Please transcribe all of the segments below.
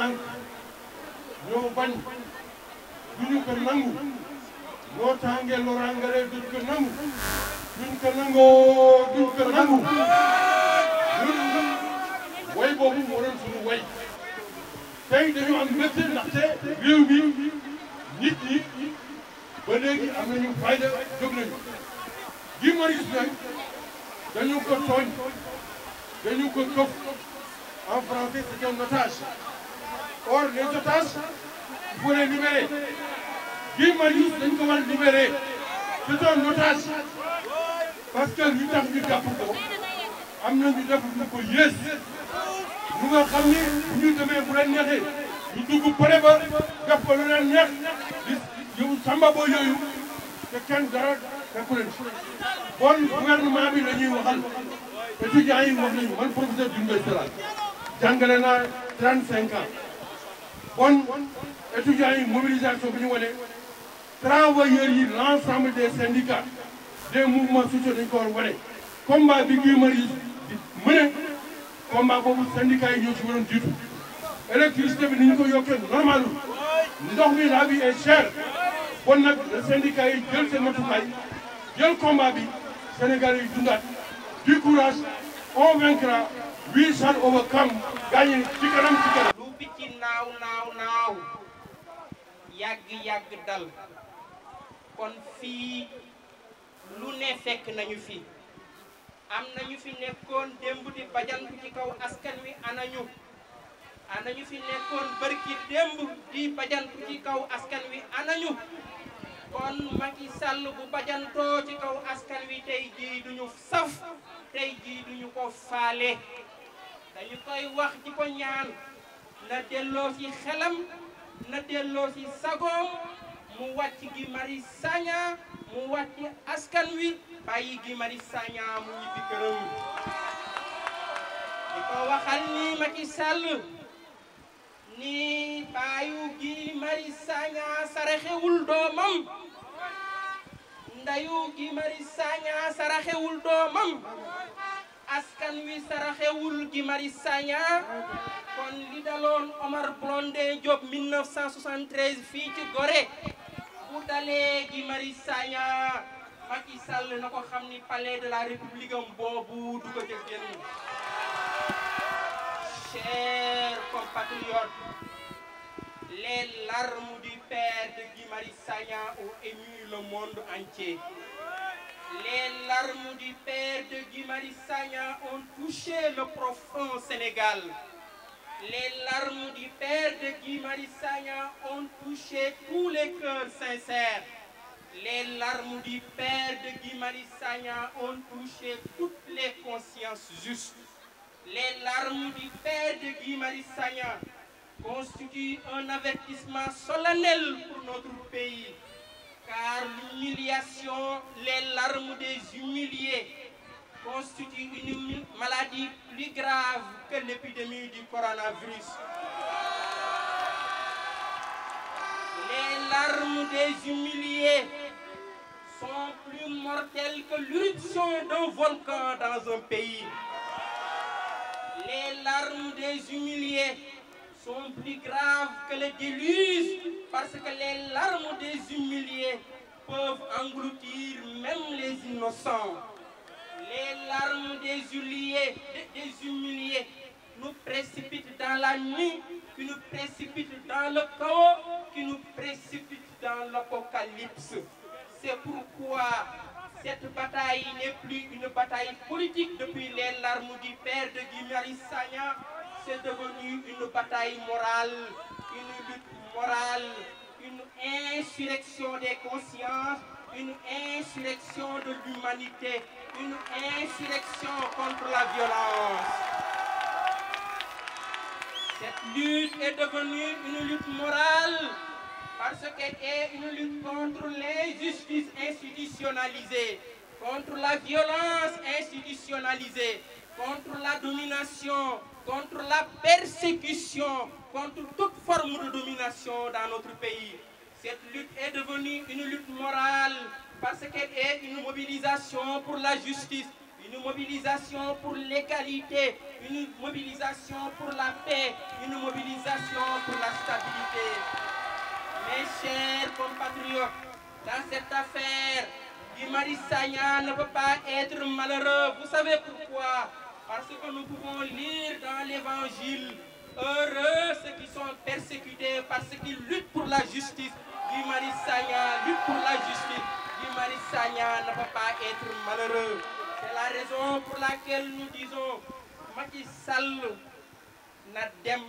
nangu ñoo bañ duñu ko nangu moo tàngee loraangale duñ ko nangu duñ ko nangoo duñ ko nangu ñun boobu moo doon suñu way tey dañu am métti ndaxte réew mi nit ñi ba léegi am nañu fayda jóg nañu Guy Marius nag dañu ko tooñ dañu ko këf en français c'est un otage or les otages bu faut les libérer Guy Marius dañ ko war a libérer c'est un otage parce que ñu tax ñu jàpp ko am na ñu def lu ko yées ñu nga xam ni bu ñu demee bu leen neexee ñu dugg pare ba def ko lu leen neex di yow samba boo yooyu te kenn dara fekku leen bon gouvernement bi la ñuy waxal étudiants yi wax nañu man professeur Doudou Mbaye Sall jàngale naa kon étudiants yi mobilisation bi ñu wane travailleurs yi l' ensemble des syndicats des mouvements sociaux dañu ko war wane combat bi Guy Marius di mëne combat boobu syndicats yi ñoo ci waroon jiitu électricité ni ko yokkee normalu ndox mi la vie est chère bon nag le syndicat yi jël seen jël combat bi Sénégal yi dundaat du on vaincra we shall overcome gagné ci kanam ci ci naaw naaw naaw yàgg-yàgg dal kon fii lu ne fekk nañu fi am nañu fi nekkoon démb di bajantu ci kaw askan wi anañu anañu fi nekkoon bërki démb ci kaw askan wi anañu kon Macky Sall bu bajantoo ci kaw askan wi tey jii duñu saf tey jii duñu ko faale dañu koy wax di ko ñaan na delloo xelam na delloo si mu wàcc Guy Marius Sagna mu wàcc askan wi bàyyi Guy Marius Sagna mu ñibbi këram di ko waxal ni Macky ni baayu Guy Marius Sagna saraxewul doomam ndayu Guy Marius Sagna saraxewul doomam askan wi saraxewul Guy Marius Sagna kon li daloon Omar Blondin Diop fii ci Gorée bu dalee gi Sagna Macky na ko xam ni palais de la République am boobu du ko ca génn chers compatriotes les du père de Sagna ont ému le monde entier. Les larmes du père de Sagna ont touché le profond Sénégal. les larmes du père de Guy Marius Sagna ont touché tous les cœurs sincères. Les larmes du père de Guy ont touché toutes les consciences justes. Les larmes du père de Guy constituent un avertissement solennel pour notre pays, car l'humiliation, les larmes des humiliés, constitue une maladie plus grave que l'épidémie du coronavirus. Les larmes des humiliés sont plus mortelles que l'éruption d'un volcan dans un pays. Les larmes des humiliés sont plus graves que le déluge parce que les larmes des humiliés peuvent engloutir même les innocents. les larmes des humiliés, des nous précipitent dans la nuit, qui nous précipitent dans le chaos, qui nous précipitent dans l'apocalypse. C'est pourquoi cette bataille n'est plus une bataille politique depuis les larmes du père de Guy Sagna. C'est devenu une bataille morale, une lutte morale, une insurrection des consciences, une insurrection de l'humanité. une insurrection la violence. Cette lutte est devenue une lutte morale parce qu'elle est une lutte contre l'injustice institutionnalisée, contre la violence institutionnalisée, contre la domination, contre la persécution, contre toute forme de domination dans notre pays. Cette lutte est devenue une lutte morale parce qu'elle est une mobilisation pour la justice, une mobilisation pour l'égalité, une mobilisation pour la paix, une mobilisation pour la stabilité. Mes chers compatriotes, dans cette affaire, Guy Sagna ne peut pas être malheureux. Vous savez pourquoi? Parce que nous pouvons lire dans l'Évangile, heureux ceux qui sont persécutés parce qu'ils luttent pour la justice. Guy Marius Sagna lutte pour la justice. Guy Marius Sagna ne peut pas être malheureux. C'est la raison pour laquelle nous disons Macky na dem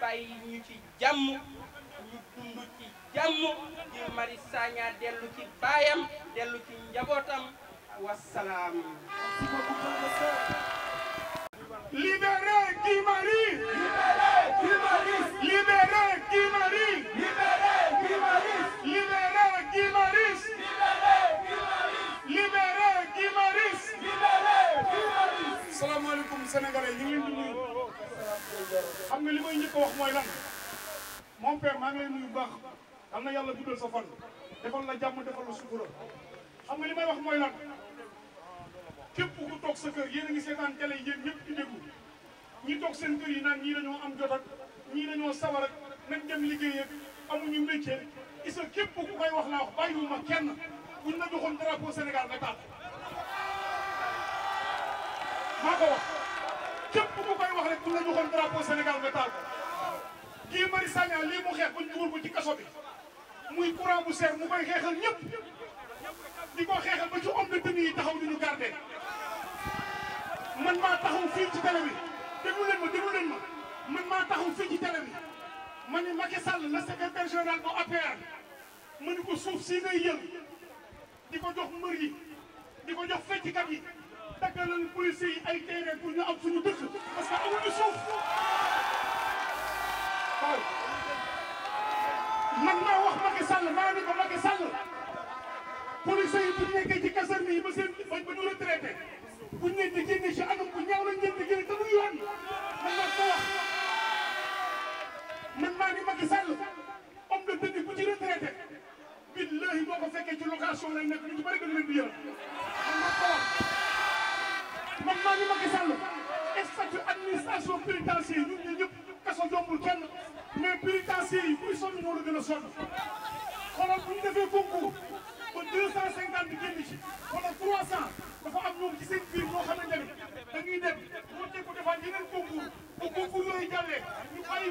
bàyyi ñu ci jàmm ñu dund ci jàmm Guy Marius Sagna dellu ci baayam dellu ci njabootam wasalaam. Libérez Guy Marius. Libérez Guy Marius. Libérez Guy yi sénégalais ñu ngi leen xam nga li may njëkk a wax mooy lan mon père maa ngi lay baax am na yàlla guddal sa fan defal na jàmm defal la sutura xam nga li may wax mooy lan képp ku toog sa kër yéen a ngi seetaan télé yéen ñëpp di déglu ñi toog seen am jot ak ñii dañoo sawar ak dem liggéey ak amuñu métier isa képp ku koy wax na wax ma kenn na la joxoon drapeau Sénégal nga taal maa ko képp ku koy wax rek bu la joxoon drapeau Sénégal nga taal ko Guy Marius Sagna lii mu xeex buñ dugal ko ci kaso bi muy courant bu seer mu koy xeexal ñëpp di ko xeexal ba ci homme de tenue yi taxaw di ñu garder man maa taxaw fii ci télé bi déglu ma déglu leen ma man maa taxaw fii ci télé bi ma ne Macky Sall la secrétaire général bu APR ma ne ko suuf si ngay yël di ko jox mbër yi di ko jox fecckat yi daggalal policiers ay terrain pour ñu am suñu dëkk parce que amuñu suuf man maa wax Macky Sall maa ko Macky Sall policiers bu ñu nekkee ci caserne yi ba seen bañ ba ñu retraité bu ñu leen di génne si anam bu ñaaw lañ leen di génne te du yoon man maa ko wax man maa ni Macky Sall homme de tenue bu ci retraité billahi boo ko fekkee ci location lay nekk ñu ci bëri gën leen di yërëm man maa ko wax man maa ngi Macky Sall statut administration pénitentiaire ñun ñun ñëpp kaso yombul kenn mais pénitentiaire yi kuy sonn ñoo la gën a sonn xoolal bu ñu defee concours ba deux cent cinquante ci wala trois cent dafa am ñoom ci seen biir ñoo xamante ne dañuy dem moo teg ko defaat yeneen concours bu concours yooyu jàllee ñu bàyyi yi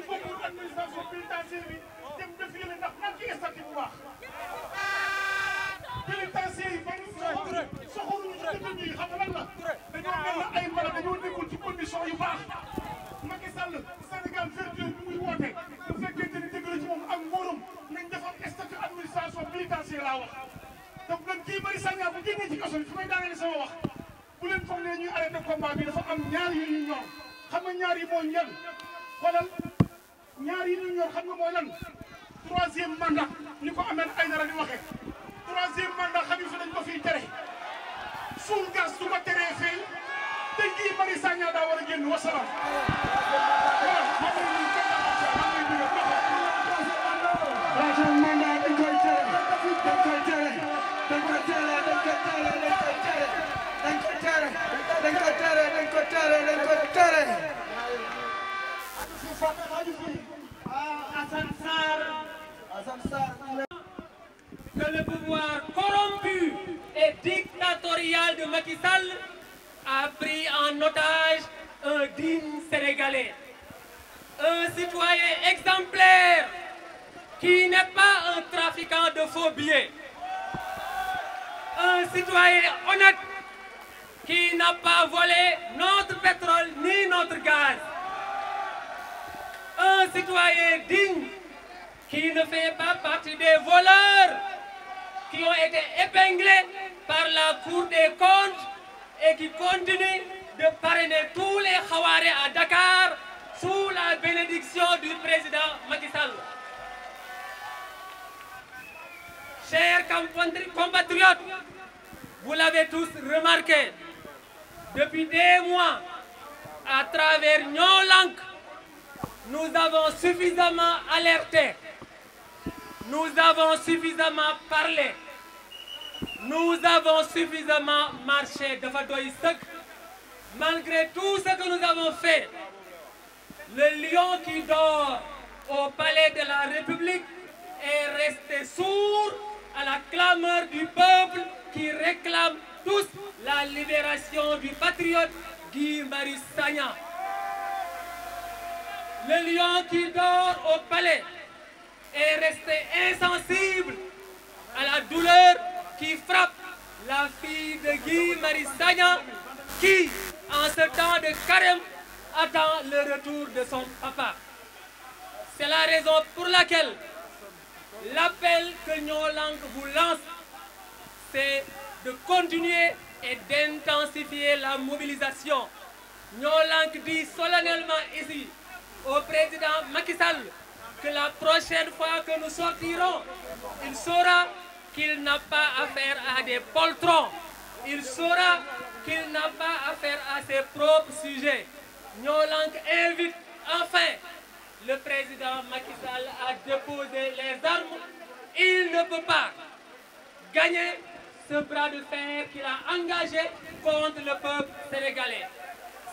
un citoyen qui n'a pas volé notre pétrole ni notre gaz. Un citoyen digne qui ne fait pas partie des voleurs qui ont été épinglés par la Cour des comptes et qui continuent de parrainer tous les Khawarés à Dakar sous la bénédiction du président Macky Sall. Chers Vous l'avez tous remarqué, depuis des mois, à travers Lank, nous avons suffisamment alerté, nous avons suffisamment parlé, nous avons suffisamment marché de Fadoïsek. Malgré tout ce que nous avons fait, le lion qui dort au palais de la République est resté sourd à la clameur du peuple qui réclament tous la libération du patriote Guy Marius Le lion qui dort au palais est resté insensible à la douleur qui frappe la fille de Guy Marius Sagna qui, en ce temps de carême, attend le retour de son papa. C'est la raison pour laquelle l'appel que Nyolank vous lance c'est de continuer et d'intensifier la mobilisation. Ñoo lank dit solennellement ici au président Macky Sall que la prochaine fois que nous sortirons, il saura qu'il n'a pas affaire à des poltrons. Il saura qu'il n'a pas affaire à ses propres sujets. Ñoo invite enfin le président Macky Sall à les armes. Il ne peut pas gagner ce bras de fer qu'il a engagé contre le peuple sénégalais.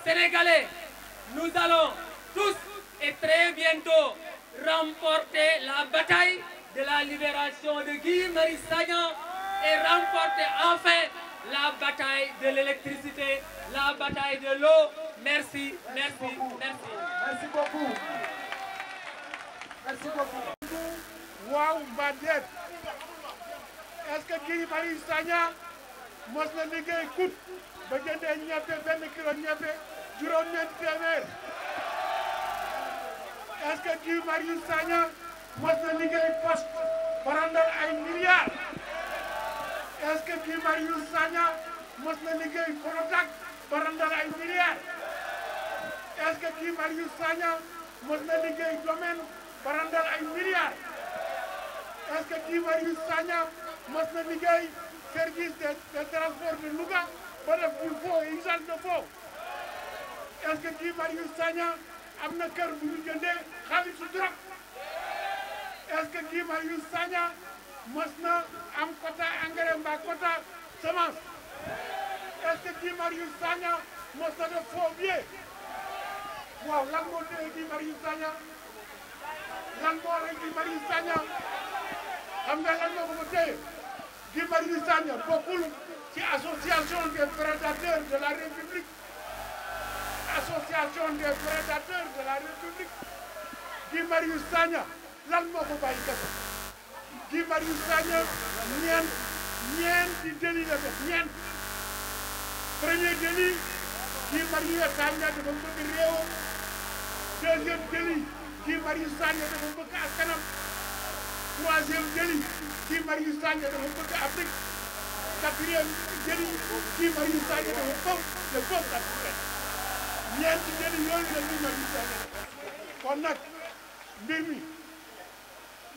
Sénégalais, nous allons tous et très bientôt remporter la bataille de la libération de Guy Marie et remporter enfin la bataille de l'électricité, la bataille de l'eau. Merci, merci, merci. Merci beaucoup. Merci beaucoup. Merci beaucoup. Wow, Badet. est-ce que Guy Marius Sagna mos na liggéey kut ba jëndee ñebbe benn kilo ñebbe juróom-ñeenti téeméer est-ce que Guy Marius Sagna mos na liggéey poste ba randal ay milliards est-ce que Guy Marius Sagna mos na liggéey Prodac ba randal ay milliards est-ce que Guy Marius Sagna mos na liggéey domaine ba randal ay milliards est-ce que Guy Marius Sagna mas na liggéey service de de de Louga ba def bul foo usage de foo est-ce Marius Sagna am na kër bu ñu jëndee xaalisu drogue est Marius Sagna mas na am quota engrais mbaa quota semence est-ce Marius Sagna mas na def foo bie waaw lan moo téye Marius Sagna lan moo Marius Sagna xam nga lan moo ko fa téye Guy Marius Sagna bokkul ci association des prédateurs de la république association des prédateurs de la république Guy Marius Sagna lan moo ko bàyyi kaso Guy Marius Sagna ñeent ñeenti délit la def ñeent premier délit Guy Marius Sagna dafa bëgg réewam deuxième délit Guy Marius Sagna dafa bëgg askanam troisième jëli kii Marius Sagna dafa bëgg Afrique quatrième jëli kii Marius Sagna dafa foog de foog jëli yooyu la ñu Marius Sagna kon nag mbir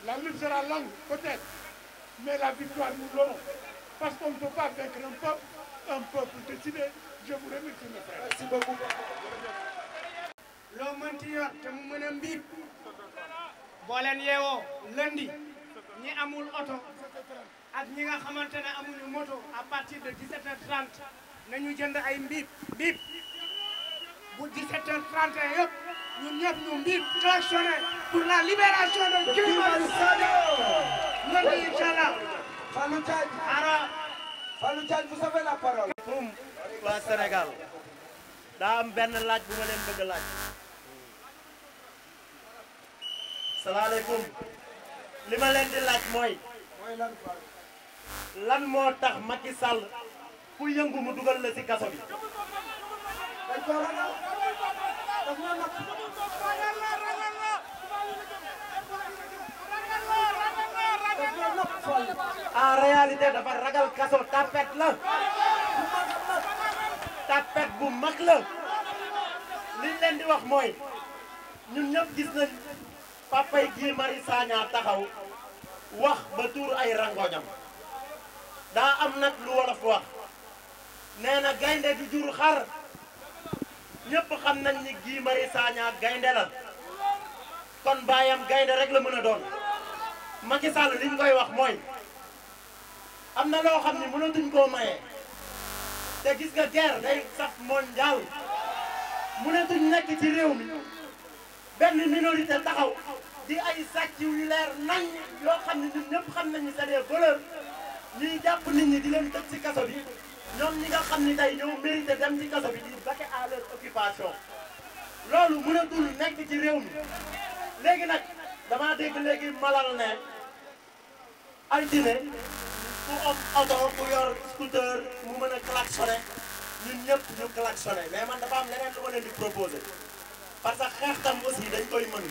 la lutte sera longue peut-être la victoire nous l'aurons parce qu'on ne peut pas un peuple un décidé je vous remercie mes frères. merci beaucoup. loo mënti yor te mu mën a boo leen yeewoo lundi ñi amul oto ak ñi nga xamante ne amuñu moto à partir de 17h30 nañu jënd ay mbiip mbiip bu 17h31 yëpp ñun ñëpp ñu mbiip klaxonné pour la libération de Guy Marius Sagna lundi inchallah Fallou Thiaj ara Fallou Thiaj vous avez la parole moom waa Sénégal daa am benn laaj bu ma leen bëgg laaj salaamaaleykum li ma leen di laaj mooy lan moo tax Macky Sall ku yëngu mu dugal la ci kaso bi. en réalité dafa ragal kaso tapet la tapet bu mag la liñ leen di wax mooy ñun ñëpp gis nañ. papay Guy Marius Sagna taxaw wax ba tuur ay rangoñam daa am nag lu wolof wax nee na gaynde du jur xar ñépp xam nañ ni Guy Marius Sagna gaynde la kon baayam gaynde rek la mën a doon Macky Sall li ñu koy wax mooy am na loo xam ni mënatuñ koo maye te gis nga guerre day sax mondial mënatuñ nekk ci réew mi benn yi minorité taxaw di ay sàcc yu leer nañ yoo xam ne ñun ñëpp xam nañu c'est des voleurs ñuy jàpp nit ñi di leen tëj ci kaso bi ñoom ñi nga xam ni tey ñoo mérité dem ci kaso bi di vaquer à leur occupation loolu mënatul nekk ci réew mi léegi nag damaa dégg léegi malal ne altine ku am oto ku yor scooter mu mën a klaxonné ñun ñëpp ñu klaxonné mais man dafa am leneen lu ma leen di proposé parce que xeex tam aussi dañ koy mën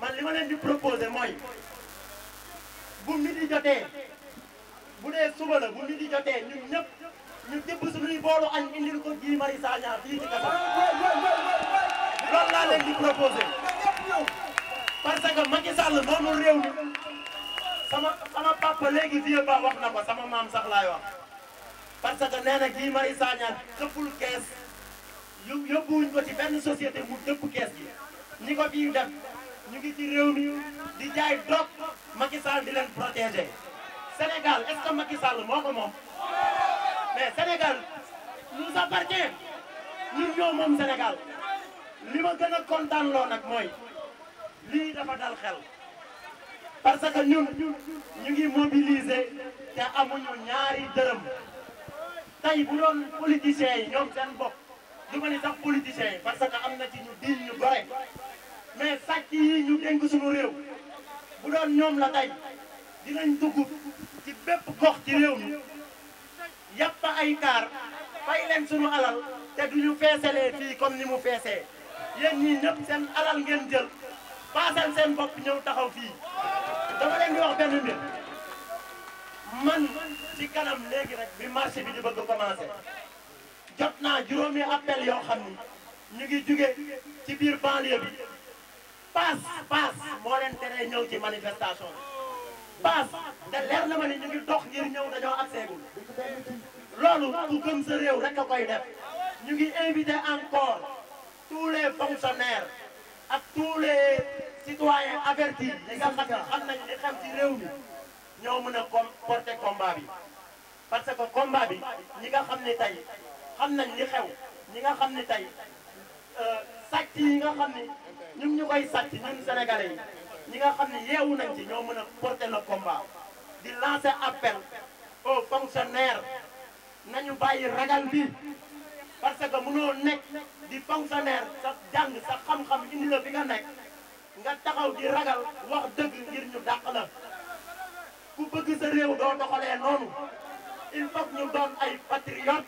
man li ma leen di proposé mooy bu midi jotee bu dee suba la bu midi jotee ñun ñëpp ñu tibb suñuy boolu añ indil ko Guy Marius Sagna fii ci Kaffrine loolu laa leen di proposé parce que Macky Sall moomul réew mi sama sama papa léegi vieux ba wax na ko sama maam sax laay parce que nee na Guy Marius Sagna kees yóbbuwuñ ko ci benn société mu dëpp kees gi ni ko fii def ñu ngi ci réew mi di jaay dog Macky Sall di leen protéger Sénégal est-ce que Macky Sall moo ko moom mais Sénégal nous appartient ñun moom Sénégal li ma gën a kontaan loo nag mooy lii dafa dal xel parce que ñun ñu ngi mobiliser te amuñu ñaari dërëm tey bu doon politiciens yi ñoom seen bopp du ma ni sax politicien parce que am na ci ñu diin ñu gore mais sàcc yi ñu dénk suñu réew bu doon ñoom la tey dinañ dugg ci bépp gox ci réew mi yàpp ay kaar fay leen suñu alal te duñu feesalee fii kon ni mu feesee yéen ñii ñëpp seen alal ngeen jël paasal seen bopp ñëw taxaw fii dama leen di wax benn mbir man ci kanam léegi rek bi marché bi di bëgg commencé jot naa juróomi appel yoo xam ni ñu ngi jóge ci biir banlieue bi paas paas moo leen teree ñëw ci manifestation bi paas te leer na ma ni ñu ngi dox ngir ñëw dañoo ak seegul loolu ku gëm sa réew rek a koy def ñu ngi invité encore tous les fonctionnaires ak tous les citoyens avertis yi nga xam ne xam nañ li xam ci réew mi ñoo mën a porter combat bi parce que combat bi ñi nga xam ne tey xam nañ li xew ñi nga xam ni tey euh, sac yi nga xam ni ñu koy sàcc ñun sénégalais yi ñi nga xam ni yeewu nañ ci ñoo mën a porter le combat di lancé appel aux fonctionnaires nañu bàyyi ragal bi parce que mënoo nekk di fonctionnaire sa jàng sa xam-xam indi bi nga nekk nga taxaw di ragal wax dëgg ngir ñu dàq la ku bëgg sa réew doo doxalee noonu il faut ñu doon ay patriote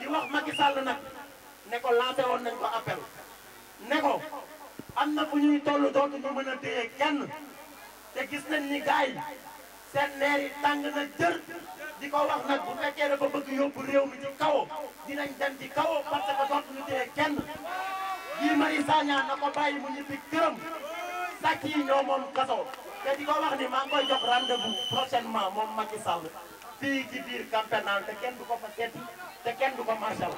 di wax Macky Sall nag ne ko lancé woon nañ ko appel ne ko am na fu ñuy toll dootu ñu mën a téye kenn te gis nañ ni gars seen neer yi tàng na jër di ko wax nag bu fekkee dafa bëgg yóbbu réew mi ci kaw dinañ dem ci kaw parce que dootu ñu téye kenn Guy Marius Sagna na ko bàyyi mu ñibbi këram sàcc yi ñoo moom kaso te di ni maa ngi koy jox rendez-vous prochainement moom Macky Sall fii ci biir camp pénal te kenn du ko fa seeti te kenn du ko marshal